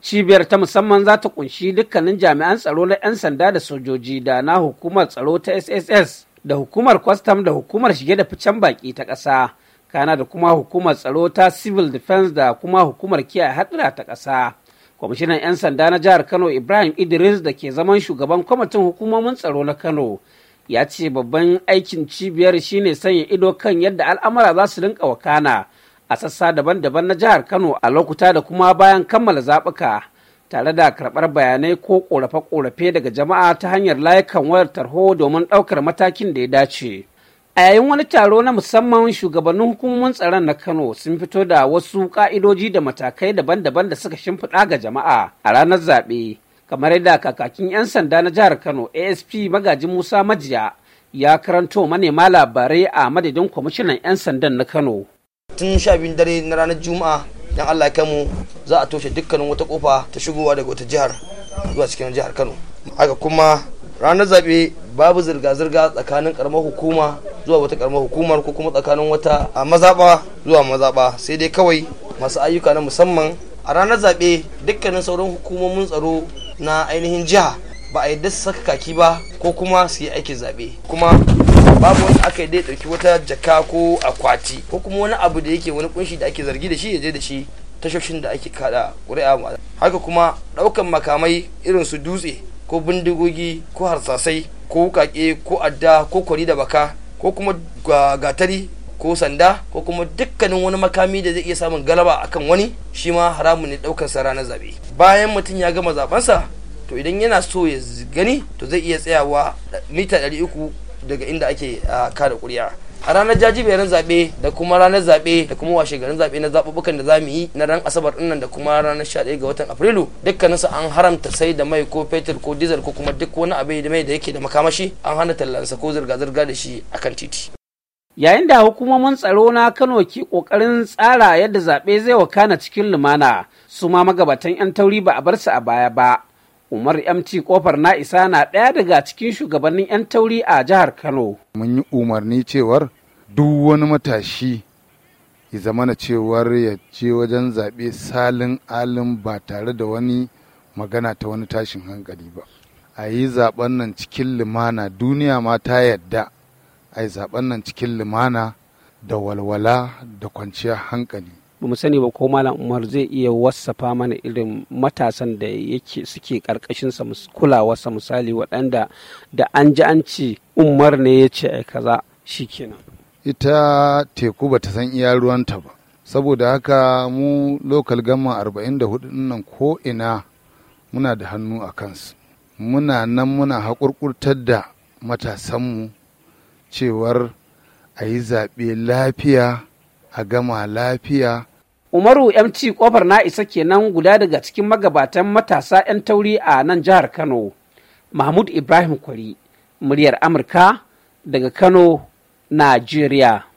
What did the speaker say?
cibiyar ta musamman za ta kunshi dukkanin jami'an tsaro na 'yan sanda da sojoji da na hukumar tsaro ta sss da hukumar kwastam da hukumar shige da ficen baki ta ƙasa kana da kuma hukumar tsaro ta civil defense da kuma hukumar kiyaye haɗura ta ƙasa kwamishinan 'yan sanda na jihar kano ibrahim idris da ke zaman shugaban kwamitin hukumomin tsaro na kano ya ce babban aikin cibiyar shine sanya ido kan yadda al'amura za su rinka wakana a sassa daban-daban na jihar Kano a lokuta da kuma bayan kammala zaɓuka tare da karɓar bayanai ko ƙorafe-ƙorafe daga jama'a ta hanyar layukan wayar tarho domin ɗaukar matakin da ya dace. A yayin wani taro na musamman shugabannin hukumomin tsaron na Kano sun fito da wasu ƙa'idoji da matakai daban-daban da suka shimfiɗa ga jama'a a ranar zaɓe. Kamar yadda kakakin 'yan sanda na jihar Kano ASP Magaji Musa Majiya ya karanto manema labarai a madadin kwamishinan 'yan sandan na Kano. tun sha biyun dare na ranar juma'a dan allah kai mu za a toshe dukkanin wata kofa ta shigowa daga wata jihar zuwa cikin jihar kano haka kuma ranar zabe babu zirga-zirga tsakanin karamar hukuma zuwa wata karamar hukumar ko kuma tsakanin wata a mazaɓa zuwa mazaɓa sai dai kawai masu ayyuka na musamman a ranar zaɓe dukkanin sauran hukumomin tsaro na ainihin jiha ba a yadda su saka kaki ba ko kuma su yi aikin zaɓe kuma babu wanda aka yi dai ɗauki wata jaka ko akwati ko kuma wani abu da yake wani kunshi da ake zargi da shi ya je da shi tashoshin da ake kada ƙuri'a haka kuma ɗaukan makamai irin su dutse ko bindigogi ko harsasai ko wukaƙe ko adda ko kwari da baka ko kuma gatari ko sanda ko kuma dukkanin wani makami da zai iya samun galaba akan wani shi ma haramun ne ɗaukar sa ranar zaɓe bayan mutum ya gama zaɓensa to idan yana so ya gani to zai iya tsayawa mita 300 daga inda ake kada kuri'a a ranar jajiberin zaɓe da kuma ranar zaɓe da kuma washe garin zaɓe na zaɓuɓɓukan da za mu yi na ran asabar ɗinnan da kuma ranar 11 ga watan afrilu su an haramta sai da mai ko fetur ko dizal ko kuma duk wani abu da mai da yake da makamashi an hana tallansa ko zirga-zirga da shi akan titi yayin da hukumomin tsaro na kano ke kokarin tsara yadda zaɓe zai wakana cikin lumana su ma magabatan 'yan tauri ba a bar su a baya ba Umar MT kofar na isa na ɗaya daga cikin shugabannin 'yan tauri a jihar Kano. Mun yi umarni cewar duk wani matashi ya zama na cewar ya je wajen zaɓe salin alin ba tare da wani magana ta wani tashin hankali ba. A yi zaɓen nan cikin lumana duniya ma ta yadda a yi zaɓen nan cikin lumana da walwala da kwanciyar hankali. ba mu sani ba ko malam umar zai iya wasafa mana irin matasan da yake suke sa kulawarsa misali waɗanda da an ji an ci umar ne ya ce ai kaza shikenan ita teku ba ta san iya ta ba saboda haka mu lokal gama 44 nan ko ina muna da hannu a kansu muna nan muna haƙurƙurtar da matasanmu cewar a yi zaɓe lafiya a gama lafiya Umaru MT kofar na isa kenan guda daga cikin magabatan matasa 'yan tauri a nan jihar Kano. Mahmud Ibrahim Kwari, muryar Amurka daga Kano, Najeriya.